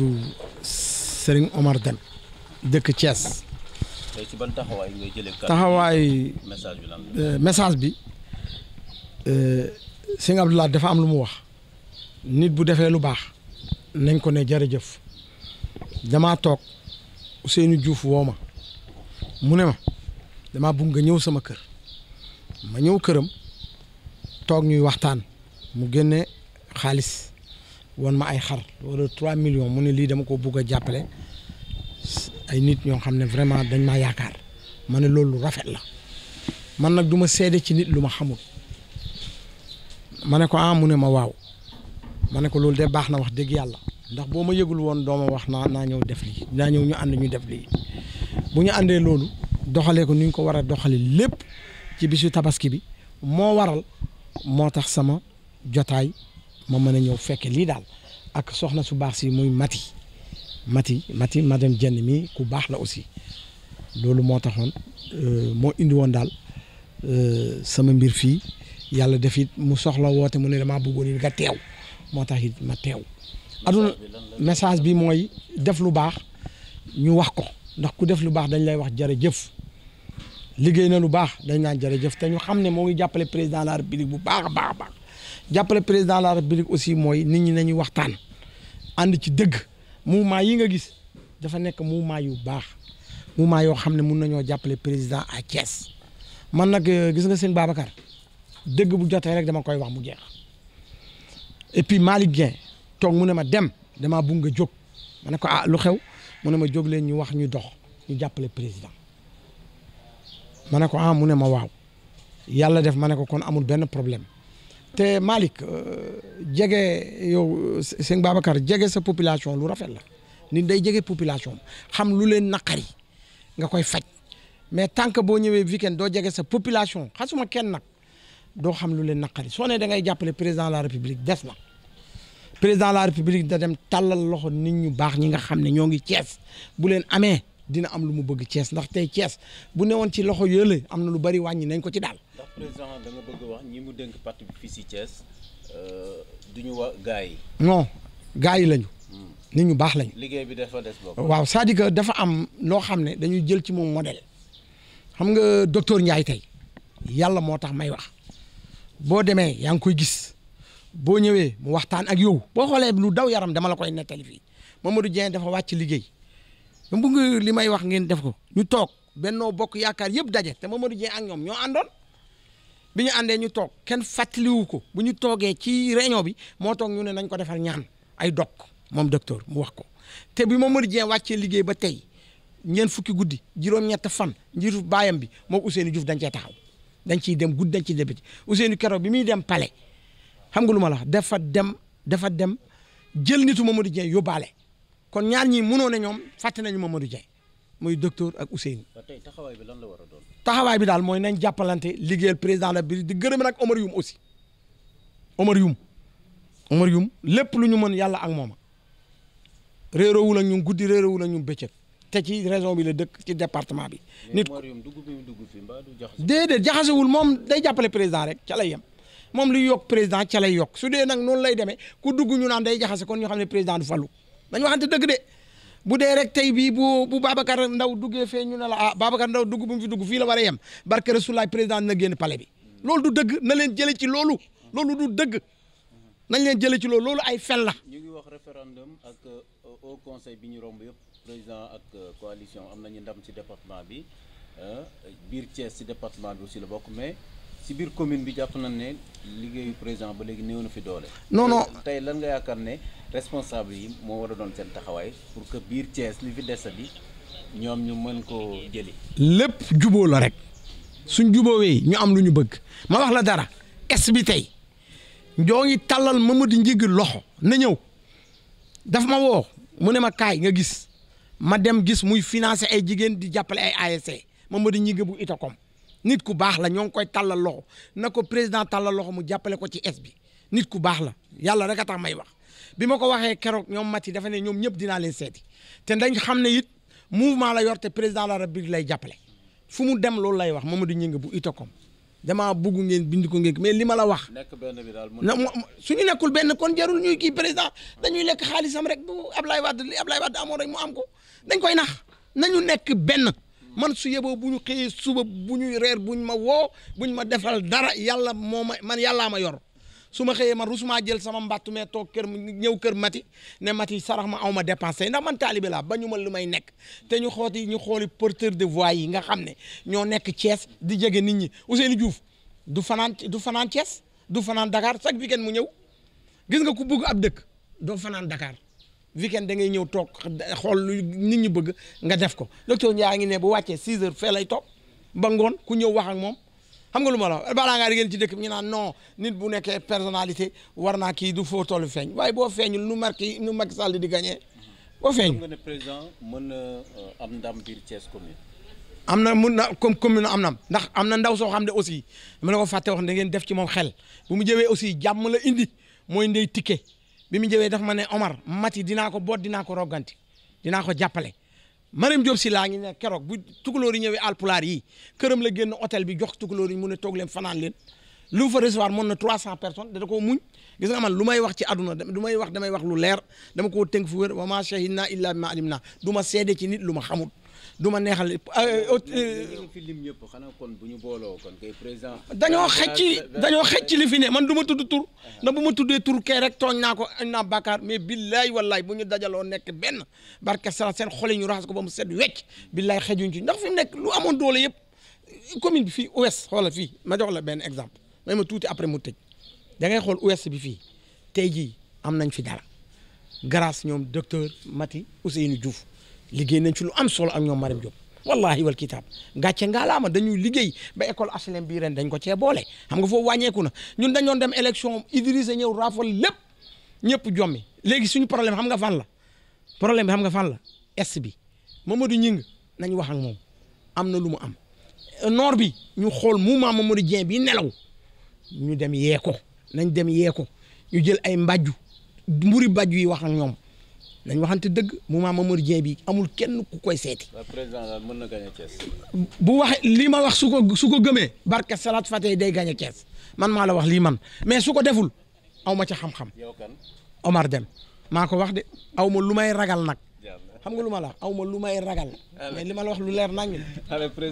tudd Serigne Omar Deme ci ban taxawaay ngay jëlee taxawaay message bi lan euh, message bi euh, sëñ Abdoulaye dafa am lu mu wax nit bu defee lu baax nañ ko ne jërëjëf damaa toog Ousseynou Diouf woo ma mu ne ma damaa bëgg nga ñëw sama kër ma ñëw këram toog ñuy waxtaan mu génne xaalis. wan ma ay xar wala 3 millions mu ne lii dama koo bugg a jàppale ay nit ñoo xam ne vraiment dañ maa yaakaar ma ne loolu rafet la man nag du ma seede ci nit lu ma xamul ma ne ko ah mu ne ma waaw ma ne ko loolu de baax na wax dëgg yàlla ndax boo ma yëgul woon dooma wax naa naa ñëw def lii naa ñëw ñu ànd ñu def lii bu ñu àndee loolu doxalee ko ni ñu ko war a doxalee lépp ci bisu tabaski bi moo waral moo tax sama jotaay. ma mën a ñëw fekke lii daal ak soxna su baax si muy Mati Mati Mati madame Dieng mii ku baax la aussi loolu moo taxoon euh, moo indi woon daal euh, sama mbir fii yàlla def it mu soxla woote mu ne damaa bëggoon it nga teew moo tax it ma teew. aduna message bi mooy def lu baax ñu wax ko ndax ku def lu baax dañ lay wax jëf liggéey na lu baax dañ naan jëf te ñu xam ne moo ngi jàppale président de la république bu baax a baax baax. jàppale président la république aussi mooy nit ñi nañu waxtaan ànd ci dëgg mouvement yi nga gis dafa nekk mouvement yu baax mouvement yoo xam ne mun nañoo jàppale président à Thiès man nag euh, gis nga sëñ Babacar dëgg bu jotee rek dama koy wax mu jeex et puis Malick Guèye toog mu ne ma dem damaa bugg nga jóg ma ne ko ah lu xew mu ne ma jóg leen ñu wax ñu dox ñu jàppale président ma ne ko ah mu ne ma waaw yàlla def ma ne ko kon amul benn problème. te Malick euh, jege yow sëñ Babacar jege sa population lu rafet la nit day jege population xam lu leen naqari nga koy faj mais tant que boo ñëwee weekend doo jege sa population xasuma kenn nag doo xam lu leen naqari soo ne da ngay jàppale président de la république des na président de la république da dem tàllal loxo nit ñu baax ñi nga xam ne ñoo ngi cees bu leen amee dina am lu mu bëgg Thiès ndax tey cees bu newoon ci loxo yële am na lu bari wàññi nañ ko ci daal. président da nga bëgg wax ñii mu dénk parti bi fii si Thiès euh, du ñu wax gaa yi. non gaa yi lañu. Hmm. nit ñu baax lañu. liggéey bi dafa des bopp. waaw cest à dafa am loo xam ne dañuy jël ci moom model xam nga docteur Ndiaye tey yàlla moo tax may wax boo demee yaa ngi koy gis boo ñëwee mu waxtaan ak yow boo xoolee lu daw yaram dama la koy nettali fii Mamadou Dieng dafa wàcc liggéey ba mu li may wax ngeen def ko ñu toog bennoo bokk yaakaar yëpp daje te Mamadou Dieng ak ñoom ñoo àndoon. bi ñu àndee ñu toog kenn fàttaliwu ko bu ñu toogee ci réunion bi moo toog ñu ne nañ ko defar ñaan ay dog moom docteur mu wax ko te bi Mamadou Dieng wàccee liggéey ba tey ñeen fukki guddi juróom-ñett fan njiitu baayam bi moom Ousseynou Diouf dañ cee taxaw dañ ciy dem guddi dañ ciy débéti Ousseynou keroog bi muy dem palais xam nga lu ma la wax dafa dem dafa dem jël nitu Mamadou Dieng yóbbaale kon ñaar ñii mënoo ne ñoom fàtte nañu Mamadou jee mooy docteur ak Ousseynou. tey taxawaay bi lan la war a doon. taxawaay bi daal mooy nañ jàppalante liggéeyal président la bi di gërëm nag Omar Youm aussi Omar yum Omar Youm lépp lu ñu mën yàlla ak mooma réeroowul ak ñun guddi réeroowul ak ñun bëccëg te ci région bi la dëkk ci département bi. nit ko déedéet jaxasewul moom day jàppale président rek ca lay yem moom luy yokk président ca lay yokk su dee nag noonu lay demee ku dugg ñu naan day jaxase kon ñu xam ne président du falu dañu waxante dëgg de. bu dee rek tey bii bu bu Babacar Ndaw duggee fee ñu ne la ah Babacar Ndaw dugg bu mu fi dugg fii la war a yem barke Rasulaay président na génn pale bi loolu du dëgg na leen jëlee ci loolu loolu du dëgg nañ leen jëlee ci loolu loolu ay fen la. ñu ngi wax référendum ak euh, au conseil bi ñu romb yëpp président ak euh, coalition am na nañu ndam ci département bi euh, biir Thiès ci département bi aussi la bokk mais. ci biir commune bi jàpp nañ ne liggéeyu président ba léegi néew na fi doole. non tey lan nga yaakaar ne responsable yi moo war a doon seen taxawaay pour que biir Thiès li fi bi ñoom ñu mën koo jëli. lépp juboo la rek suñ wee ñu am lu ñu bëgg ma wax la dara es bi tey ñoo ngi tàllal Mamadou Njig loxo na ñëw daf ma woo mu ne ma kaay nga gis ma dem gis muy financer ay jigéen di jàppale ay ASC e. Mamadou Njig bu Itacom. nit ku baax la ñoo ngi koy tàllal loxo na ko président tàllal loxo mu jàppale ko ci es bi nit ku baax la yàlla rek a tax may wax bi ma ko waxee keroog ñoom Mati dafa ne ñoom ñëpp dinaa leen seeti te dañ xam ne it mouvement la yor te président la République lay jàppale fu mu dem loolu lay wax Mamadou Ngingue bu Itocom damaa bugg ngeen bindi ko ngeen mais li ma la wax. nekk benn bi daal suñu nekkul benn kon jarul ñuy kii président dañuy lekk xaalisam rek bu Ablaye Wade li Ablaye Wade amoon mu am ko dañ koy nax nañu nekk benn. man su yeboo bu ñu xëyee suba bu ñuy reer ñu ma woo buñ ma defal dara yàlla moo ma man yàllaa ma yor su ma xëyee man rusuma jël sama mbattu mee toog kër ñëw kër mati ne mati sarax ma aw ma dépensé ndax man taalibe laa ba ñu ma lu may nekk te ñu xooti ñu xooli porteur de voix yi nga xam ne ñoo nekk Thiès di jege nit ñi Ousseynou Diouf du fanaan du fanaan Thiès du fanaan Dakar chaque weekend mu ñëw gis nga ku bëgg ab dëkk doo fanaan Dakar weekend da ngay ñëw toog xool lu nit ñi bëgg nga def ko docteur a ngi ne bu wàccee 6 heures fee lay toog ba ngoon ku ñëw wax ak moom xam nga lu ma la balaa ngaa di ngeen ci dëkk bi ñu naan non nit bu nekkee personnalité war naa kii du foo tollu feeñ waaye boo feeñul nu marki nu Macky Sall di gagné boo feeñ. président mën na euh, am ndam biir Thiès am na mun na comme commune am na ndax am na ndaw soo xam ne aussi dama la ko fàtte wax da ngeen def ci moom xel bu mu jëwee aussi jàmm la indi mooy ndey tikke. bi mu ñëwee daf ma ne Omar Mati dinaa ko boot dinaa ko rogganti dinaa ko jàppale Mariam Diop si laa ngi ne keroog bu tukulóor yi ñëwee alpulaar yi këram la génn otel bi jox tukulóor yi mu ne toog leen fanaan leen lu mu fa recevoir mën na 300 personnes da koo muñ gis nga man lu may wax ci àdduna lu may wax damay wax lu leer dama koo tënk fu wér wa ma shahidna illa bima alimna du ma seede ci nit lu ma xamul du ma neexal. dañoo xëcc ci dañoo xëcc ci li fi ne man du ma tudd tur na bu ma tuddee tur kee rek tooñ naa ko añ naa bàkkaar mais billaay wallaay bu ñu dajaloo nekk benn barke sala seen xol ñu raxas ko ba mu set wecc billaay xejuñ ci ndax fi mu nekk lu amoon doole yëpp commune bi fii ouest xoolal fii ma jox la benn exemple may ma tuuti après mu tëj da ngay xool ouest bi fii tey jii am nañ fi dara grâce ñoom docteur Mati Ousseynou Diouf liggéey nañ ci lu am solo ak ñoom Marème Diop wallahi wal kitaab gàcce ngaalaama dañuy liggéey ba école HLM bii ren dañ ko cee boole xam nga foofu wàññeeku na ñun dañoon dem élection Idrissa ñëw raafal lépp ñëpp jommi léegi suñu problème xam nga fan la problème bi xam nga fan la est bi Mamadou Ñing nañu wax ak moom am na lu mu am nord bi ñu xool mouvement Mamadou Dieng bi nelaw ñu dem yee ko nañ dem yee ñu jël ay mbàjju mburi bàjju yi wax ak ñoom dañ waxante dëgg moment Momar Dieng bi amul kenn ku koy seeti. président na gagné bu wax lii ma wax su ko su ko gëmee. barke Salat Fatey day gagné Thiès man maa la wax lii man mais su ko deful aw ma ca xam-xam. yow kan Omar Deme maa ko wax de aw ma lu may ragal nag. xam nga lu ma la aw ma lu may ragal. mais li ma la wax lu leer nañu.